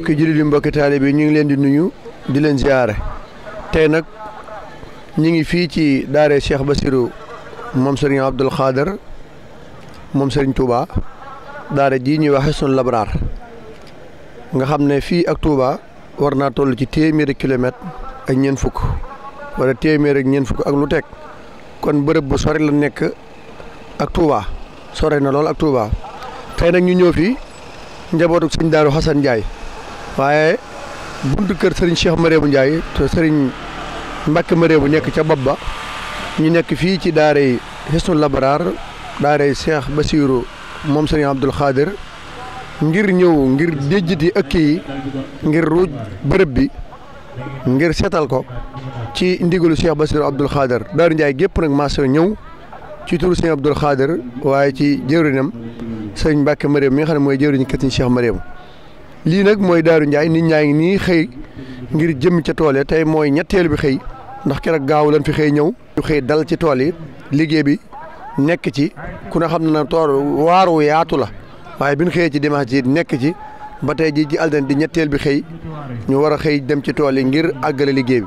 mbokki jullit yi mbokki taalibe yi ñu ngi leen di nuyu di leen ziare tey nag ñu ngi fii ci daare Cheikh Bassirou moom Serigne Abdoul Khader moom Serigne Touba daare jii ñuy waxe sun labraar nga xam ne fii ak Touba war naa toll ci téeméeri kilomètre ak ñeent fukk wala téeméer ak ñeent fukk ak lu teg kon bërëb bu sore la nekk ak Touba sore na lool ak Touba tey nag ñu ñëw fii njabootu sëñ Daaru Xasan Njaay waaye buntu kër sëriñ Cheikh Mariamu Ndiaye te sëriñ Mbacke Mariamu nekk ca bopp ba ñu nekk fii ci daaray Hisnul Labraar daaray Cheikh Bassirou moom sëriñ Abdoul Khadir ngir ñëw ngir déjjiti ëkk yi ngir ruuj bërëb bi ngir seetal ko ci ndigalu Cheikh Bassirou Abdoul Khadir Daaru Ndiaye gépp nag maasoo ñëw ci turu sëriñ Abdoul Khadir waaye ci jëwriñam sëriñ Mbacke Mariamu mi nga xam ne mooy jëwriñu ñu sëriñ Cheikh Mariamu lii nag mooy Daaru Ndiaye nit ñaa ngi nii xëy ngir jëm ca tool yi tey mooy ñetteel bi xëy ndax keroog gaaw lañ fi xëy ñëw. ñu xëy dal ci tool yi liggéey bi nekk ci ku ne xam na tool waaru yaatu la waaye bi ñu xëyee ci dimanche nekk ci ba tey ji ji aldan di ñetteel bi xëy ñu war a xëy dem ci tool yi ngir àggale liggéey bi.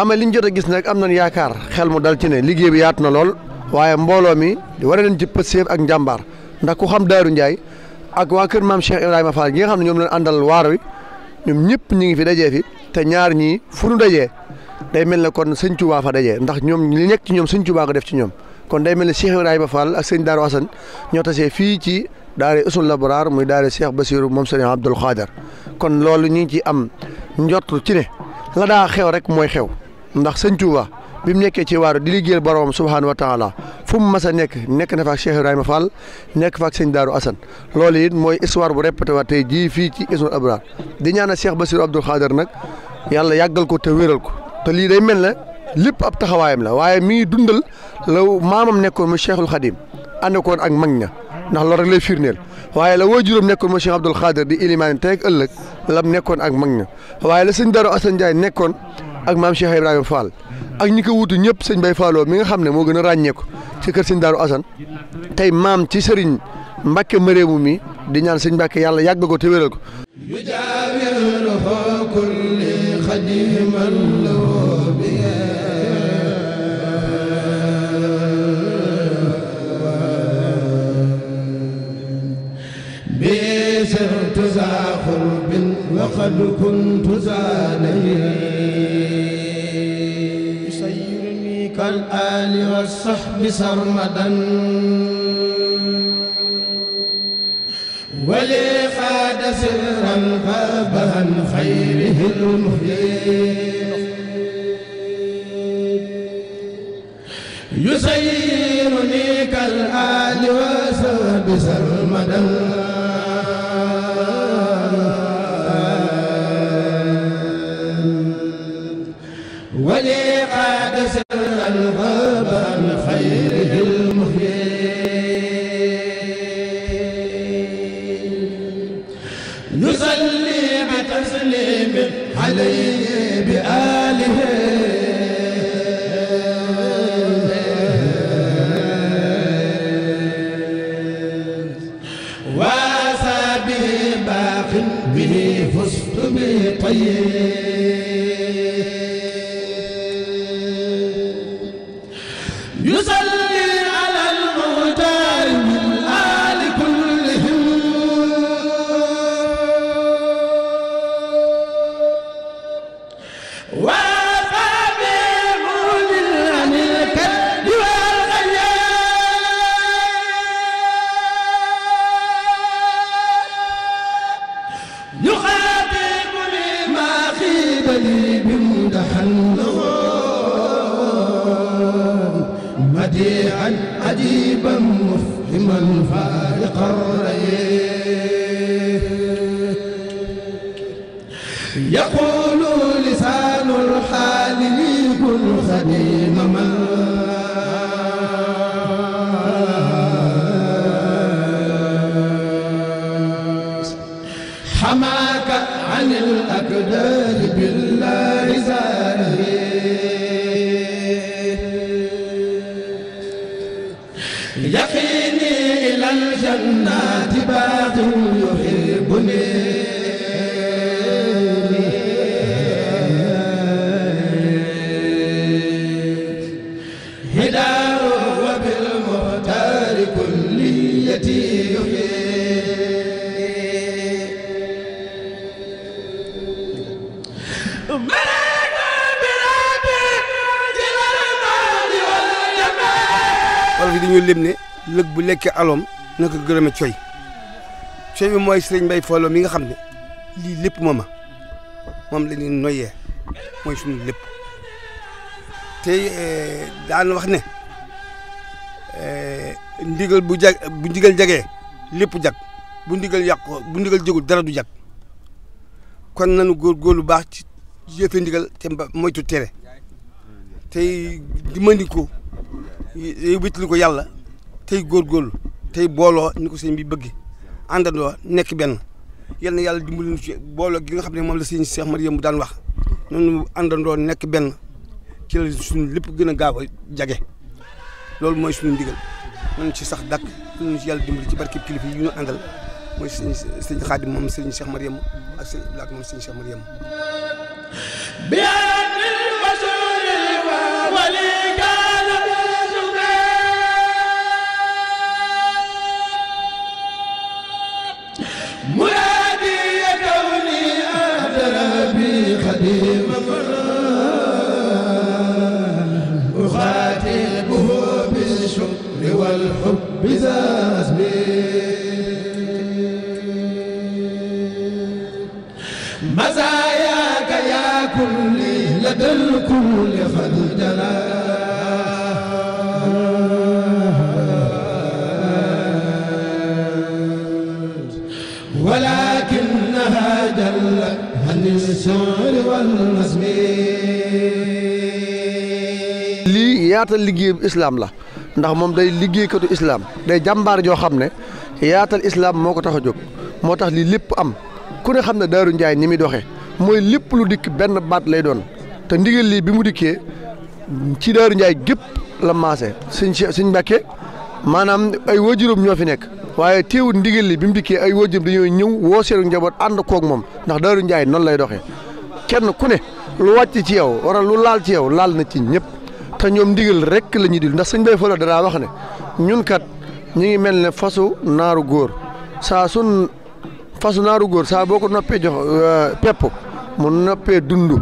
xam li ñu jot a gis nag am nañ yaakaar xel mu dal ci ne liggéey bi yaatu na lool waaye mbooloo mi wane nañ ci pëseef ak njàmbaar ndax ku xam Daaru njaay ak waa kër maam Cheikh Ibrahima Fall gi nga xam ne ñoom leen àndal waar wi ñoom ñëpp ñu ngi fi dajee fi te ñaar ñii fu nu dajee day mel ne kon sëñ Tuubaa fa dajee ndax ñoom li ci ñoom sëñ Tuubaa ko def ci ñoom kon day mel ne Cheikh Ibrahima Fall ak sëñ Daaru Assane ñoo tasee fii ci daare Usul Labraar muy daare Cheikh Basiru moom sëñ Abdul Xaadir kon loolu ñu ngi ci am njort ci ne la daa xew rek mooy xew ndax sëñ Touba bi mu nekkee ci waar di liggéeyal boroom subhaanahu wa taala fu mu mas a nekk nekk na fa ak ma Ibrahima Fall nekk fa ak sëñ Daaru Assane loolu it mooy histoire bu répété waat tey jii fii ci Hizbut Abraham di ñaanal Cheikh Bassirou Abdoul Khader nag yàlla yàggal ko te wéral ko te lii day mel ne lépp ab taxawaayam la waaye mi ngi dundal la maamam nekkoon mu Cheikhul Khadim ànd koon ak mag ña ndax loolu rek lay firndeel waaye la woo juróom nekkoon mooy Cheikh Abdoul Khader di ilimaan ëllëg lam nekkoon ak mag ña waaye la sëñ Daaru Assane Ndiaye nekkoon ak maam Cheikh Ibrahima Fall ak ñi ko wutu ñëpp sëñ Bay Falloo mi nga xam ne moo gën a ràññeeku ci kër sëñ Daaru Asan tey maam ci sëriñ Mbàkke Mareemu mi di ñaan sëñ Mbàkke yàlla yàgg ko te wéral ko bi وقد كنت زانيا يسيرني كالآل والصحب سرمدا ولي خاد سرا غاب عن خيره المحيي يسيرني كالآل والصحب سرمدا غريبا مفهما فارق الرأي يقول لسان الحال لي كن خديم من wala fi dañuy lim ne lëg bu lekkee aloom na ko gërëme coy coy bi mooy mi nga xam ne lii lépp mooma moom la mooy suñu lépp te eh, wax ne eh, ndigal bu jag bu lépp jag bu ndigal yàqu bu ndigal dara du jag kon nanu góorgóorlu baax jëfe ndigal te moytu tere tey dimandiko wéttali ko yàlla tey góorgóorlu tey booloo ni ko sëñ bi bëgg àndandoo nekk benn yal na yàlla dimbali ci booloo gi nga xam ne moom la sëñ Cheikh Mariam mu daan wax noonu àndandoo nekk benn ci la suñu lépp gën a gaaw a jage loolu mooy suñu ndigal nañ ci sax dàkk ñu ci yàlla yi ñu àndal mooy sëñ sëñ Xaadim moom sëñ Cheikh Mariam ak sëñ Black moom sëñ Cheikh bi yaatal liggéey islaam la ndax moom day liggéeykatu islaam day jàmbaar joo xam ne yaatal islaam moo ko tax a jóg moo tax lii lépp am ku ne xam ne Daaru Njaay ni muy doxee mooy lépp lu dikk benn baat lay doon te ndigal lii bi mu dikkee ci Daaru Njaay gépp la maase suñ suñ mbàkkee maanaam ay waajuram ñoo fi nekk waaye teewul ndigal li bi mu dikkee ay waajuram dañoo ñëw woo seenu njaboot ànd kook moom ndax Daaru Njaay noonu lay doxee kenn ku ne lu wacc ci yow wala laal ci laal na ci ñëpp. te ñoom ndigal rek la ñuy dil ndax sëñ Bay Falo danaa wax ne ñun kat ñu ngi mel ne fasu naaru góor saa sun fasu naaru góor saa boo ko noppee jox euh, pepp mu noppee dund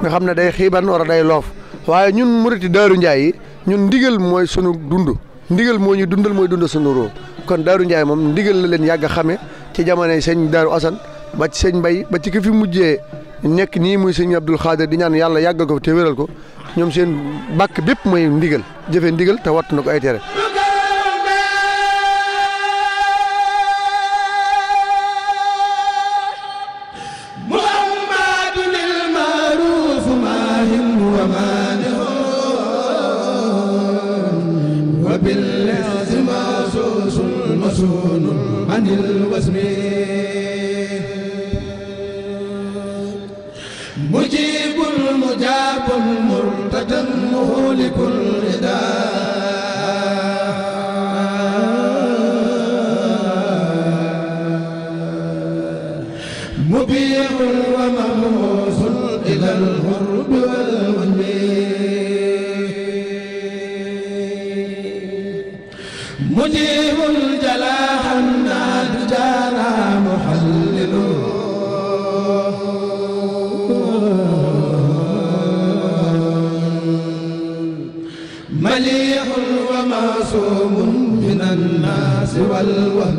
nga xam ne day xiiban wala day loof waaye ñun muriti Daaru Njaay yi ñun ndigal mooy sunu dund ndigal moo ñu dundal mooy dund sunu roo kon Daaru Njaay moom ndigal la leen yàgg a xame ci jamonoy sëñ Daaru Asan ba ci sëñ Bay ba ci ki fi mujjee nekk nii muy sëñ Abdul Xaadir di ñaan yàlla yàggal ko te wéral ko ñoom seen bàkk bépp mooy ndigal jëfe ndigal te wattu na ko ay tere الناس والوهم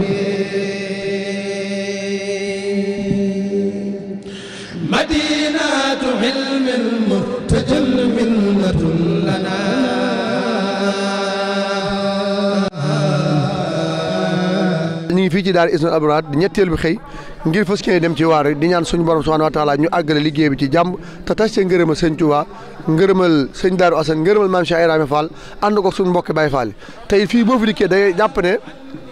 مدينة علم مرتجل منة لنا ñu fii ci daal Isnul Abrar di ñetteel bi xëy ngir fas yéene dem ci waar di ñaan suñu borom subhanahu wa ñu àggale liggéey bi ci jàmm te tas see ngërëmal sëñ Touba ngërëmal sëñ Daaru Assane ngërëmal maam Cheikh Ibrahima Fall ànd ko suñu mbokki Baye Fall fii boo fi dikkee day jàpp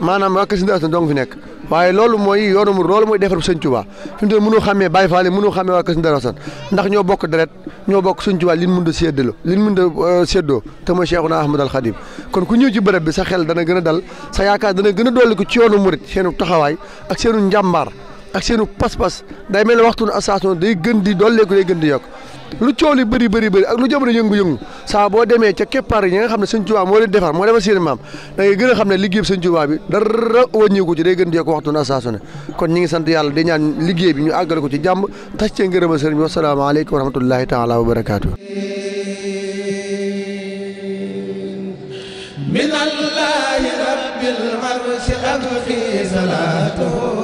maanaam waa Kër Sëñ Assan dong fi nekk waaye loolu mooy yoonu mu loolu mooy defar Sëñ Tuubaa fi mu toll mënoo bay Baay Faal mënoo xàmmee waa Kër Sëñ Assan ndax ñoo bokk deret ñoo bokk Sëñ Tuubaa li ñu mën a séddaloo li ñu mën a euh, séddoo te mooy Cheikhuna Ahmad al Khadim kon ku ñëw ci bërëb bi sa xel dana gën a dal sa yaakaar dana gën a dolli ko ci yoonu murit seenu taxawaay ak seenu njàmbaar ak seenu pas-pas day mel ne waxtu na association day gën di dolleeku day gën di yokk lu coow li bëri bëri bëri ak lu jamono yëngu-yëngu saa boo demee ca keppaar yi nga xam ne sëñ Tuubaa moo leen defar moo defar seen maam da ngay gën xam ne liggéey bi sëñ Tuubaa bi dara wàññeeku ci day gën di yokk waxtu na saa su ne kon ñi ngi sant yàlla di ñaan liggéey bi ñu àggale ko ci jàmm tas cee ngërëma sëriñ bi wasalaamaaleykum wa rahmatullahi taala wa barakaatu من